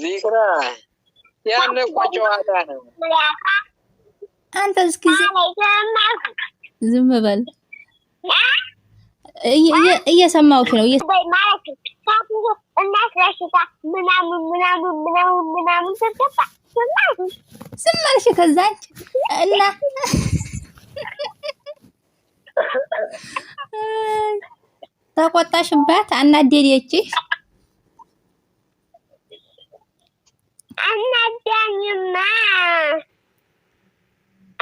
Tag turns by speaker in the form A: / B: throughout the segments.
A: ዚክራ ያን እኮ ጨዋታ ነው።
B: አንተ እስኪ ዝም በል። እየሰማሁሽ ነው
C: ምናምን ምናምን ምናምን ምናምን
B: ዝም አልሽ። ከዛች እና ተቆጣሽባት? አናደደችሽ?
C: አናዳኝማ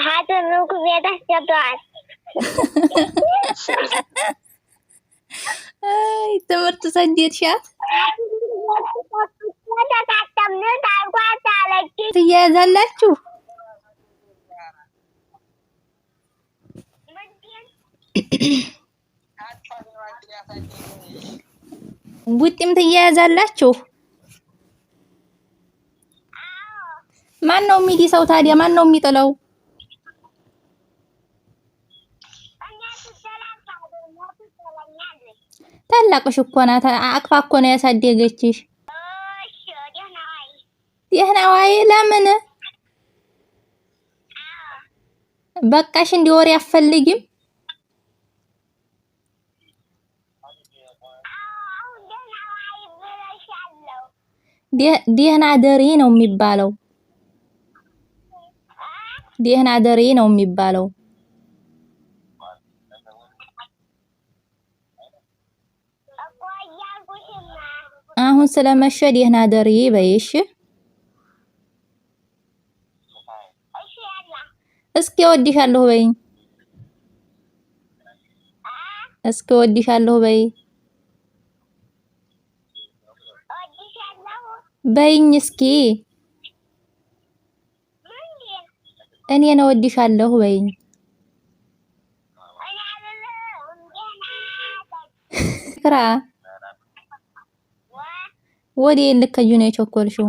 C: ሀገር ቤት አስገባዋል።
B: ትምህርት ሰንዴት ሻት ትያያዛላችሁ። ቡጢም ትያያዛላችሁ። ማን ነው የሚዲሰው ታዲያ? ማን ነው የሚጥለው? ታላቅሽ እኮ ናት። አቅፋ እኮ ነው ያሳደገችሽ። ነው። ለምን በቃሽ? እንዲህ ወሬ አፈልጊም። ደህና ደሪ ነው የሚባለው። ደህና ደሪ ነው የሚባለው። አሁን ስለመሸ ደህና ደሪ በይሽ። እስኪ ወድሻለሁ በይ፣ እስኪ ወድሻለሁ በይ በይኝ እስኪ እኔ ነው ወድሻለሁ በይኝ። ክራ ወዴ ልከዩ ነው የቸኮልሽው?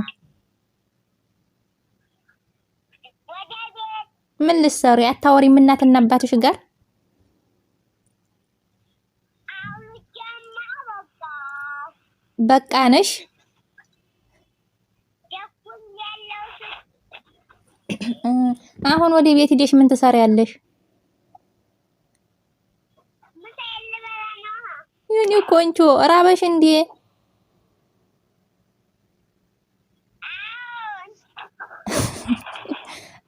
B: ምን ልትሰሪ አታወሪም? እናትና አባትሽ ጋር በቃ ነሽ። አሁን ወደ ቤት ሂደሽ ምን ትሰሪያለሽ? ይሁን ቆንጆ ራበሽ እንዴ?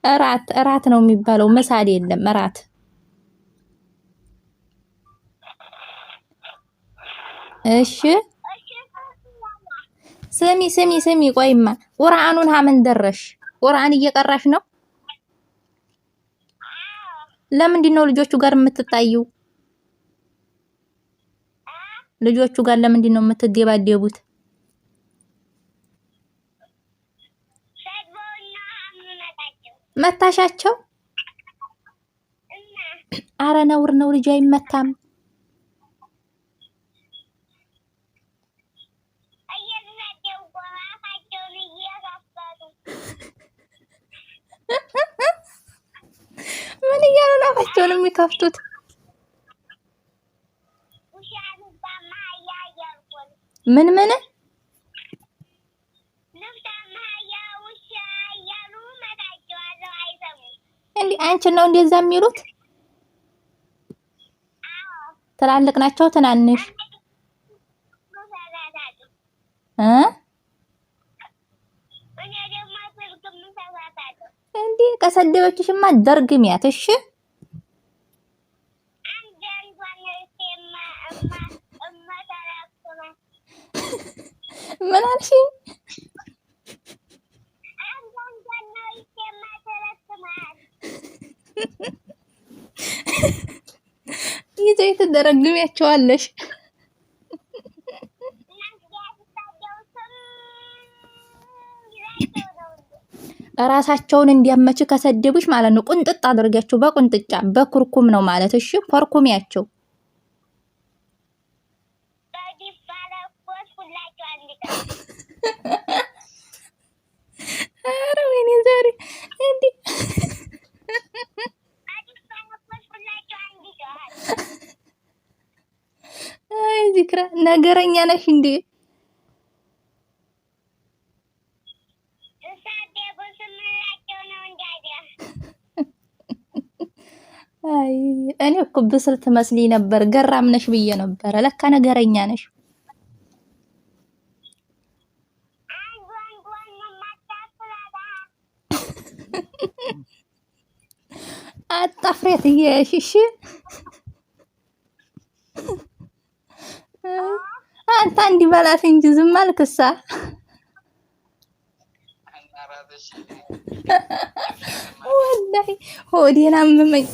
B: እራት እራት ነው የሚባለው፣ ምሳሌ የለም እራት። እሺ ስሚ ስሚ ስሚ፣ ቆይማ ቁርአኑን ሀምን ደረሽ? ቁርአን እየቀራሽ ነው? ለምንድን ነው ልጆቹ ጋር የምትጣዩ? ልጆቹ ጋር ለምንድን ነው የምትደባደቡት? መታሻቸው። አረ ነውር ነው፣ ልጅ አይመታም። ምን እያሉ ነው አፋቸውን የሚከፍቱት? ምን ምን እንዲ አንቺን ነው እንደዛ የሚሉት? ትላልቅ ናቸው ትናንሽ እንዲ እንዴ ከሰደበችሽማ ደርግሚያት እሺ። ምን አልሽኝ? ይዘሽ ትደረግሚያቸዋለሽ። ራሳቸውን እንዲያመች ከሰደቡሽ ማለት ነው። ቁንጥጥ አድርጋችሁ በቁንጥጫ በኩርኩም ነው ማለት እሺ፣ ኮርኩሚያቸው ኧረ ወይኔ ዛሬ ዚክራ ነገረኛ ነሽ እንዴ? አይ እኔ እኮ ብስልት ትመስሊ ነበር፣ ገራም ነሽ ብዬ ነበረ። ለካ ነገረኛ ነሽ። አጣፍሬት እየሽሽ አንተ እንዲህ በላት እንጂ ዝም አልክሳ። ወላሂ ሆዴን አመመኝ።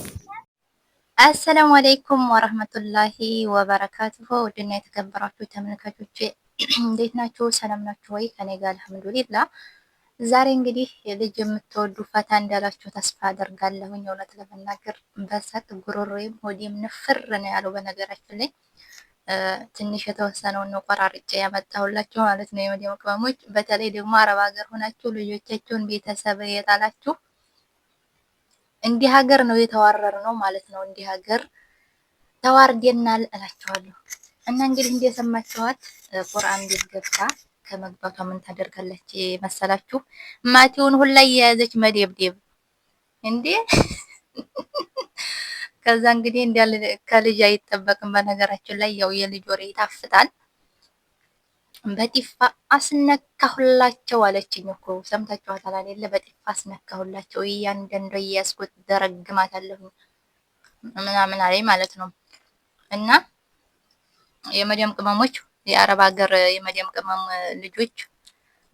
B: አሰላሙ አለይኩም ወረህመቱላሂ ወበረካቱሁ። ውድና የተከበራችሁ ተመልካቾች እንዴት ናችሁ? ሰላም ናችሁ ወይ? ከኔ ጋር አልሐምዱሊላ። ዛሬ እንግዲህ ልጅ የምትወዱ ፈታ እንዳላችሁ ተስፋ አደርጋለሁኝ። እውነት ለመናገር በሳቅ ጉሮሮዬም ሆዴም ንፍር ነው ያለው። በነገራችን ላይ ትንሽ የተወሰነውን ነው ቆራርጬ ያመጣሁላችሁ ማለት ነው። የመዲያም ቅመሞች በተለይ ደግሞ አረብ ሀገር ሆናችሁ ልጆቻችሁን ቤተሰብ የጣላችሁ እንዲህ ሀገር ነው የተዋረር ነው ማለት ነው። እንዲህ ሀገር ተዋርደናል እላችኋለሁ። እና እንግዲህ እንደሰማችኋት ቁርአን ቤት ገብታ ከመግባቷ ምን ታደርጋለች መሰላችሁ? ማቲውን ሁላ እየያዘች መደብደብ እንዴ! ከዛ እንግዲህ እንዲያል ከልጅ አይጠበቅም። በነገራችን ላይ ያው የልጅ ወሬ ይታፍታል። በጢፋ አስነካሁላቸው አለችኝ እኮ ሰምታችኋታል አይደለ? በጢፋ አስነካሁላቸው እያንዳንዱ እያስኩት ደረግማታለሁ ምናምን አለኝ ማለት ነው። እና የመዲያም ቅመሞች የአረብ ሀገር የመዲያም ቅመም ልጆች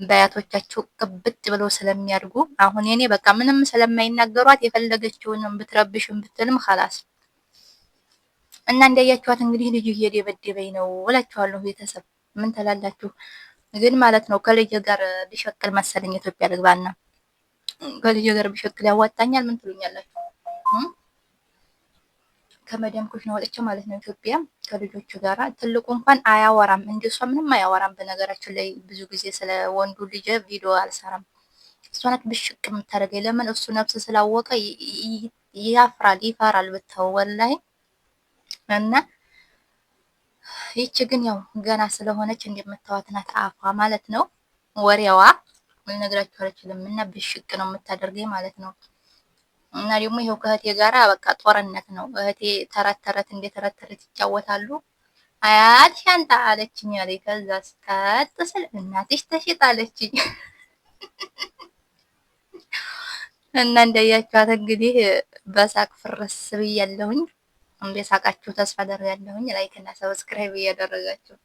B: በአያቶቻቸው ቅብጥ ብለው ስለሚያድጉ አሁን እኔ በቃ ምንም ስለማይናገሯት የፈለገችውንም ብትረብሽም ብትልም ኸላስ እና እንዳያችኋት እንግዲህ ልጁ እየደበደበኝ ነው እላችኋለሁ። ቤተሰብ ምን ትላላችሁ? ግን ማለት ነው ከልጅ ጋር ቢሸቅል መሰለኝ ኢትዮጵያ ልግባና ከልጅ ጋር ቢሸቅል ያዋጣኛል። ምን ትሉኛላችሁ? ከመዲያም ኩሽና ወጥቼ ማለት ነው ኢትዮጵያ ከልጆቹ ጋራ ትልቁ እንኳን አያወራም፣ እንደሷ ምንም አያወራም። በነገራችን ላይ ብዙ ጊዜ ስለ ወንዱ ልጅ ቪዲዮ አልሰራም። እሷ ናት ብሽቅ የምታደርገኝ። ለምን እሱ ነፍስ ስላወቀ ያፍራል፣ ይፈራል ብታው ወላይ እና ይቺ ግን ያው ገና ስለሆነች እንደምታዋት ናት አፏ ማለት ነው ወሬዋ ልነግራችሁ አልችልም እና ብሽቅ ነው የምታደርገኝ ማለት ነው። እና ደግሞ ይሄው ከእህቴ ጋራ በቃ ጦርነት ነው። እህቴ ተረት ተረት እንደ ተረት ተረት ይጫወታሉ። አያት ሻንጣ አለችኝ አለኝ። ከዛ ስቀጥ ስል እናትሽ ተሽጥ እና እንደያችኋት እንግዲህ በሳቅ ፍርስ ብያለሁኝ። ሳቃችሁ ተስፋ አደርጋለሁኝ። ላይክ እና ሰብስክራይብ እያደረጋችሁ